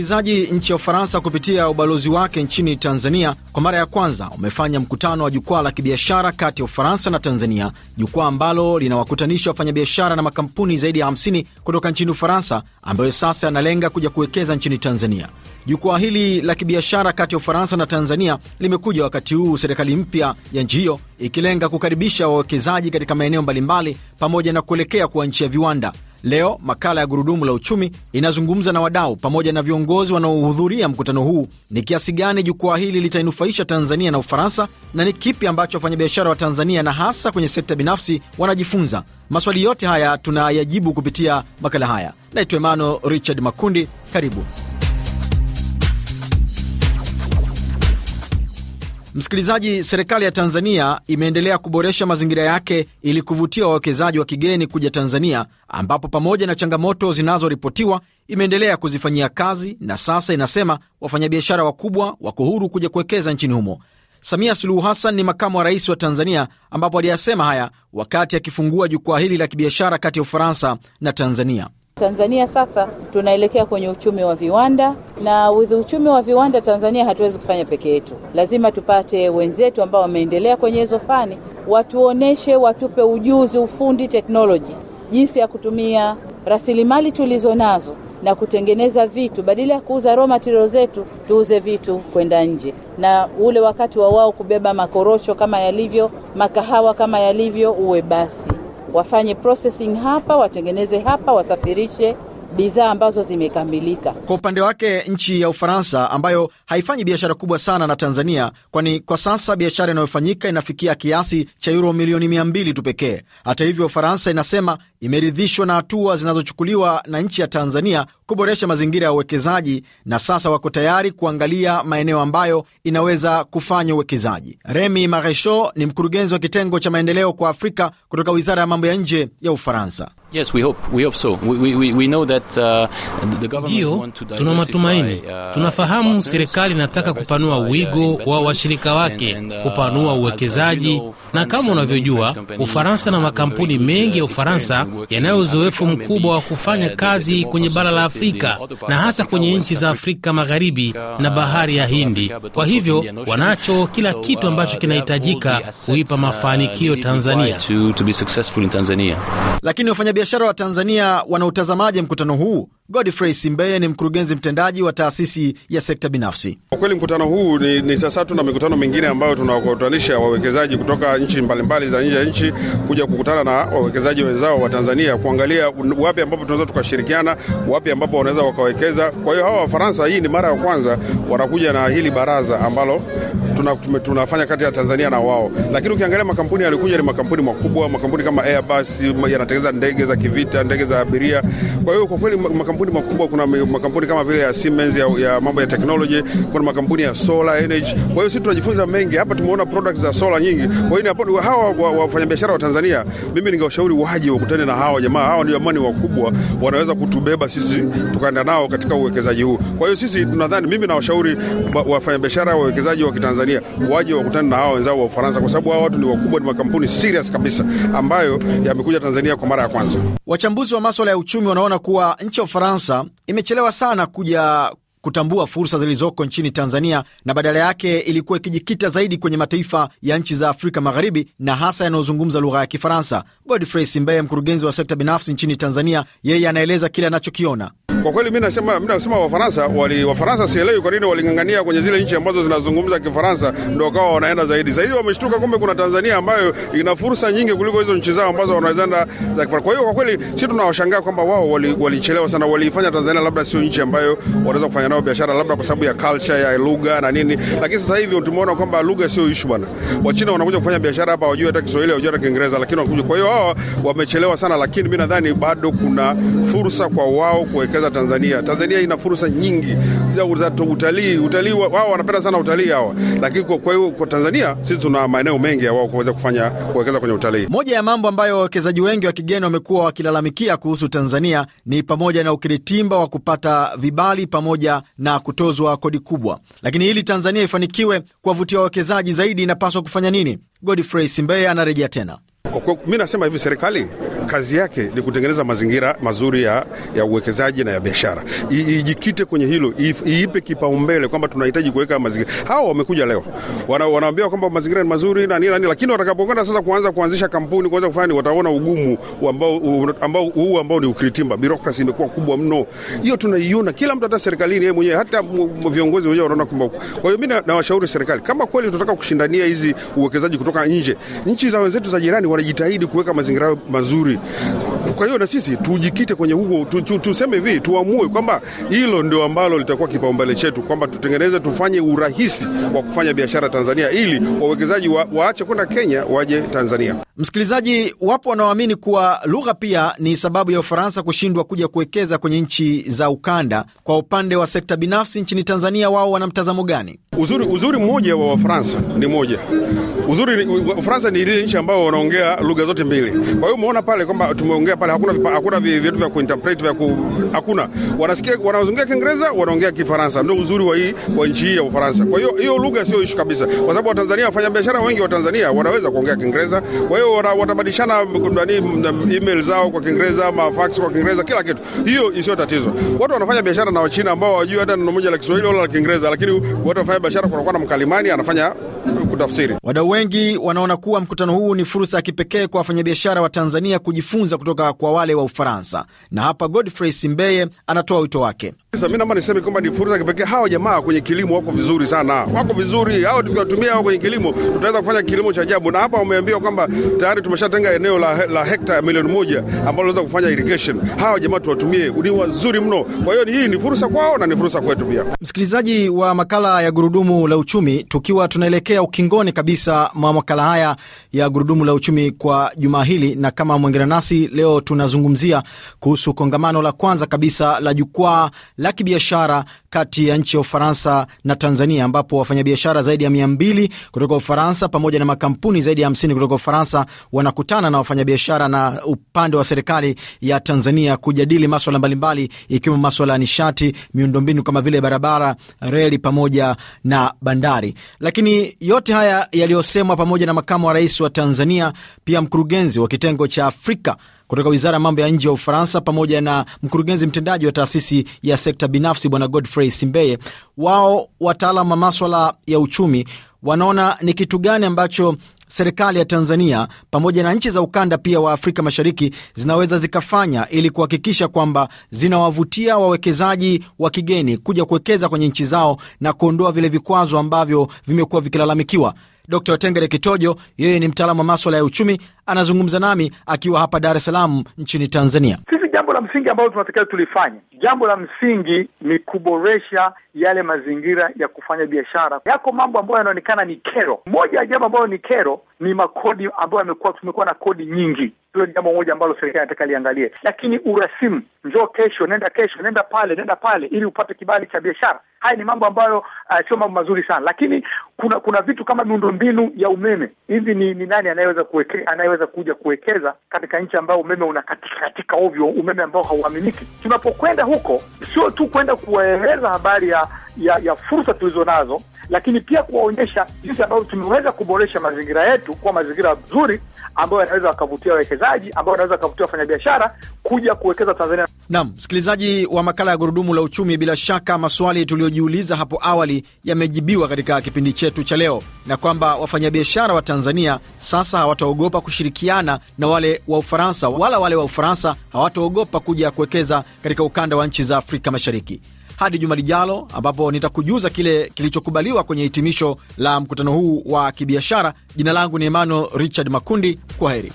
Msikilizaji, nchi ya Ufaransa kupitia ubalozi wake nchini Tanzania kwa mara ya kwanza umefanya mkutano wa jukwaa la kibiashara kati ya Ufaransa na Tanzania, jukwaa ambalo linawakutanisha wafanyabiashara na makampuni zaidi ya 50 kutoka nchini Ufaransa ambayo sasa yanalenga kuja kuwekeza nchini Tanzania. Jukwaa hili la kibiashara kati ya Ufaransa na Tanzania limekuja wakati huu serikali mpya ya nchi hiyo ikilenga kukaribisha wawekezaji katika maeneo mbalimbali pamoja na kuelekea kuwa nchi ya viwanda. Leo makala ya Gurudumu la Uchumi inazungumza na wadau pamoja na viongozi wanaohudhuria mkutano huu, ni kiasi gani jukwaa hili litainufaisha Tanzania na Ufaransa, na ni kipi ambacho wafanyabiashara wa Tanzania na hasa kwenye sekta binafsi wanajifunza. Maswali yote haya tunayajibu kupitia makala haya. Naitwa Emmanuel Richard Makundi, karibu. Msikilizaji, serikali ya Tanzania imeendelea kuboresha mazingira yake ili kuvutia wawekezaji wa kigeni kuja Tanzania, ambapo pamoja na changamoto zinazoripotiwa imeendelea kuzifanyia kazi na sasa inasema wafanyabiashara wakubwa wako huru kuja kuwekeza nchini humo. Samia Suluhu Hassan ni makamu wa rais wa Tanzania, ambapo aliyasema haya wakati akifungua jukwaa hili la kibiashara kati ya Ufaransa na Tanzania. Tanzania sasa tunaelekea kwenye uchumi wa viwanda, na with uchumi wa viwanda Tanzania hatuwezi kufanya peke yetu, lazima tupate wenzetu ambao wameendelea kwenye hizo fani, watuoneshe, watupe ujuzi, ufundi, teknoloji, jinsi ya kutumia rasilimali tulizo nazo na kutengeneza vitu badala ya kuuza raw material zetu, tuuze vitu kwenda nje, na ule wakati wa wao kubeba makorosho kama yalivyo, makahawa kama yalivyo, uwe basi wafanye processing hapa, watengeneze hapa, wasafirishe bidhaa ambazo zimekamilika. Kwa upande wake, nchi ya Ufaransa ambayo haifanyi biashara kubwa sana na Tanzania, kwani kwa sasa biashara inayofanyika inafikia kiasi cha yuro milioni mia mbili tu pekee. Hata hivyo, Ufaransa inasema imeridhishwa na hatua zinazochukuliwa na nchi ya Tanzania kuboresha mazingira ya uwekezaji na sasa wako tayari kuangalia maeneo ambayo inaweza kufanya uwekezaji. Remy Maresho ni mkurugenzi wa kitengo cha maendeleo kwa Afrika kutoka Wizara ya Mambo ya Nje ya Ufaransa. Yes, we hope, we hope so. We, we, we know that, uh, the government Ndiyo, tuna matumaini. Uh, Tunafahamu serikali inataka kupanua uh, wigo wa washirika wake and, uh, kupanua uwekezaji you know, na kama unavyojua Ufaransa na makampuni mengi ya uh, Ufaransa yanayo uzoefu mkubwa wa kufanya eh, kazi kwenye bara la Afrika na hasa kwenye nchi za Afrika Magharibi na bahari ya Hindi. Kwa hivyo wanacho kila kitu uh, ambacho kinahitajika kuipa uh, mafanikio Tanzania. Lakini wafanyabiashara wa Tanzania wanautazamaje mkutano huu? Godfrey Simbeye ni mkurugenzi mtendaji wa taasisi ya sekta binafsi. Kwa kweli mkutano huu ni, ni sasa tuna mikutano mingine ambayo tunawakutanisha wawekezaji kutoka nchi mbalimbali za nje ya nchi kuja kukutana na wawekezaji wenzao wa Tanzania kuangalia wapi ambapo tunaweza tukashirikiana, wapi ambapo wanaweza wakawekeza. Kwa hiyo hawa Wafaransa, hii ni mara ya kwanza wanakuja na hili baraza ambalo tuna, tunafanya kati ya Tanzania na wao, lakini ukiangalia makampuni yalikuja ni makampuni makubwa, makampuni kama Airbus yanatengeneza ndege za kivita, ndege za abiria. Kwa hiyo kwa kweli makampuni makubwa, kuna makampuni kama vile ya Siemens ya, ya mambo ya technology, kuna makampuni ya solar energy. Kwa hiyo sisi tunajifunza mengi hapa, tumeona products za solar nyingi. Kwa hiyo hapo hawa wafanyabiashara wa, wa Tanzania, mimi ningewashauri waje wakutane na hawa jamaa, hawa ndio amani wakubwa, wanaweza kutubeba sisi tukaenda nao katika uwekezaji huu. Kwa hiyo sisi tunadhani, mimi nawashauri wafanyabiashara wawekezaji wa Kitanzania Tanzania waje wakutane na hawa wenzao wa Ufaransa, kwa sababu hawa watu ni wakubwa, ni makampuni serious kabisa ambayo yamekuja Tanzania kwa mara ya kwanza. Wachambuzi wa maswala ya uchumi wanaona kuwa nchi ya Ufaransa imechelewa sana kuja kutambua fursa zilizoko nchini Tanzania na badala yake ilikuwa ikijikita zaidi kwenye mataifa ya nchi za Afrika Magharibi na hasa yanayozungumza lugha ya Kifaransa. Godfrey Simbeye, mkurugenzi wa sekta binafsi nchini Tanzania, yeye anaeleza kile anachokiona. Kwa kweli mi nasema Wafaransa wali Wafaransa, sielewi kwa nini waling'ang'ania kwenye zile nchi ambazo zinazungumza Kifaransa, ndo wakawa wanaenda zaidi. Sahizi wameshtuka, kumbe kuna Tanzania ambayo ina fursa nyingi kuliko hizo nchi zao ambazo wanawezaenda za Kifaransa. Kwa hiyo kwa kweli si tunawashangaa kwamba wao walichelewa wali sana, waliifanya Tanzania labda sio nchi ambayo wanaweza kufanya nao biashara, labda kwa sababu ya culture ya lugha na nini, lakini sasa hivi tumeona kwamba lugha sio issue bwana. Wachina wanakuja kufanya biashara hapa, wajui hata Kiswahili, wajui hata Kiingereza, lakini wanakuja. Kwa hiyo wao wamechelewa sana, lakini mimi nadhani bado kuna fursa kwa wao kuwekeza Tanzania. Tanzania ina fursa nyingi za utalii. Utalii wao wanapenda sana utalii hawa, lakini kwa hiyo kwa Tanzania sisi tuna maeneo mengi ya wao kuweza kufanya kuwekeza kwenye utalii. Moja ya mambo ambayo wawekezaji wengi wa kigeni wamekuwa wakilalamikia kuhusu Tanzania ni pamoja na ukiritimba wa kupata vibali pamoja na kutozwa kodi kubwa. Lakini ili Tanzania ifanikiwe kuwavutia wawekezaji zaidi, inapaswa kufanya nini? Godfrey Simbeye anarejea tena. Kwa kweli mi nasema hivi, serikali kazi yake ni kutengeneza mazingira mazuri ya, ya uwekezaji na ya biashara, ijikite kwenye hilo, iipe kipaumbele kwamba tunahitaji kuweka mazingira. Hawa wamekuja leo wana, wanaambiwa kwamba mazingira ni mazuri na nini lakini watakapokwenda sasa kuanza kuanzisha kampuni, kuanza kufanya, wataona ugumu ambao huu ambao, ambao ni ukiritimba. Birokrasi imekuwa kubwa mno, hiyo tunaiona kila mtu, hata serikalini yeye mwenyewe, hata viongozi wenyewe wanaona kwamba. Kwa hiyo mi nawashauri serikali, kama kweli tunataka kushindania hizi uwekezaji kutoka nje, nchi za wenzetu za jirani wanajitahidi kuweka mazingira mazuri kwa hiyo na sisi tujikite kwenye huo, tuseme hivi, tuamue kwamba hilo ndio ambalo litakuwa kipaumbele chetu, kwamba tutengeneze, tufanye urahisi wa kufanya biashara Tanzania, ili wawekezaji wa, waache kwenda Kenya waje Tanzania. Msikilizaji, wapo wanaoamini kuwa lugha pia ni sababu ya Ufaransa kushindwa kuja kuwekeza kwenye nchi za ukanda. Kwa upande wa sekta binafsi nchini Tanzania, wao wana mtazamo gani? Uzuri, uzuri mmoja wa Wafaransa ni moja uzuri, Ufaransa ni ile nchi ambayo wanaongea lugha zote mbili. Kwa hiyo umeona pale kwamba tumeongea wanaongea pale, hakuna vipa, hakuna vitu vya kuinterpret vya ku, hakuna wanasikia, wanaongea Kiingereza, wanaongea Kifaransa. Ndio uzuri wa hii wa nchi hii ya Ufaransa. Kwa hiyo hiyo lugha sio ishu kabisa, kwa sababu Watanzania, wafanya biashara wengi wa Tanzania wanaweza kuongea Kiingereza. Kwa hiyo watabadilishana nani email zao kwa Kiingereza, mafax kwa Kiingereza, kila kitu. Hiyo isiyo tatizo. Watu wanafanya biashara na Wachina ambao hawajui hata neno moja la Kiswahili wala la Kiingereza, lakini watu wanafanya biashara, kunakuwa na mkalimani anafanya kutafsiri. Wadau wengi wanaona kuwa mkutano huu ni fursa ya kipekee kwa wafanyabiashara wa Tanzania kujifunza kutoka kwa wale wa Ufaransa, na hapa Godfrey Simbeye anatoa wito wake. Mi naomba niseme kwamba ni fursa kipekee. Hawa jamaa kwenye kilimo wako vizuri sana, wako vizuri hao. Tukiwatumia hao kwenye kilimo, tutaweza kufanya kilimo cha ajabu. Na hapa wameambiwa kwamba tayari tumeshatenga eneo la, la hekta ya milioni moja ambalo naweza kufanya irrigation. Hawa jamaa tuwatumie, ni wazuri mno. Kwa hiyo hii ni fursa kwao na ni fursa kwetu pia. Msikilizaji wa makala ya Gurudumu la Uchumi, tukiwa tunaelekea ukingo ukingoni kabisa mwa makala haya ya gurudumu la uchumi kwa jumaa hili, na kama mwengine nasi leo tunazungumzia kuhusu kongamano la kwanza kabisa la jukwaa la kibiashara kati ya nchi ya Ufaransa na Tanzania, ambapo wafanyabiashara zaidi ya mia mbili kutoka Ufaransa pamoja na makampuni zaidi ya hamsini kutoka Ufaransa wanakutana na wafanyabiashara na upande wa serikali ya Tanzania kujadili maswala mbalimbali, ikiwemo maswala ya nishati, miundombinu kama vile barabara, reli pamoja na bandari. Lakini yote haya yaliyosemwa, pamoja na makamu wa rais wa Tanzania, pia mkurugenzi wa kitengo cha Afrika kutoka wizara ya mambo ya nje ya Ufaransa pamoja na mkurugenzi mtendaji wa taasisi ya sekta binafsi Bwana Godfrey Simbeye. Wao wataalam wa maswala ya uchumi wanaona ni kitu gani ambacho serikali ya Tanzania pamoja na nchi za ukanda pia wa Afrika Mashariki zinaweza zikafanya ili kuhakikisha kwamba zinawavutia wawekezaji wa kigeni kuja kuwekeza kwenye nchi zao na kuondoa vile vikwazo ambavyo vimekuwa vikilalamikiwa Dkt Tengere Kitojo, yeye ni mtaalamu wa maswala ya uchumi, anazungumza nami akiwa hapa Dar es Salaam nchini Tanzania. Sisi jambo la msingi ambalo tunatakiwa tulifanye, jambo la msingi ni kuboresha yale mazingira ya kufanya biashara. Yako mambo ambayo yanaonekana ni kero. Moja ya jambo ambayo ni kero ni makodi ambayo yamekuwa, tumekuwa na kodi nyingi hilo ni jambo moja ambalo serikali inataka liangalie, lakini urasimu, njoo kesho, nenda kesho, nenda pale, nenda pale, ili upate kibali cha biashara. Haya ni mambo ambayo uh, sio mambo mazuri sana, lakini kuna kuna vitu kama miundombinu ya umeme. Hivi ni, ni nani anayeweza anayeweza kuja kuwekeza katika nchi ambayo umeme unakatika katika ovyo, umeme ambao hauaminiki? Tunapokwenda huko, sio tu kwenda kuwaeleza habari ya ya, ya fursa tulizo nazo, lakini pia kuwaonyesha jinsi ambavyo tumeweza kuboresha mazingira yetu kuwa mazingira mazuri ambayo yanaweza wakavutia wawekezaji ambayo yanaweza wakavutia wafanyabiashara kuja kuwekeza Tanzania. Naam, msikilizaji wa makala ya Gurudumu la Uchumi, bila shaka maswali tuliyojiuliza hapo awali yamejibiwa katika kipindi chetu cha leo, na kwamba wafanyabiashara wa Tanzania sasa hawataogopa kushirikiana na wale wa Ufaransa, wala wale wa Ufaransa hawataogopa kuja kuwekeza katika ukanda wa nchi za Afrika Mashariki hadi juma lijalo, ambapo nitakujuza kile kilichokubaliwa kwenye hitimisho la mkutano huu wa kibiashara. Jina langu ni Emmanuel Richard Makundi, kwa heri.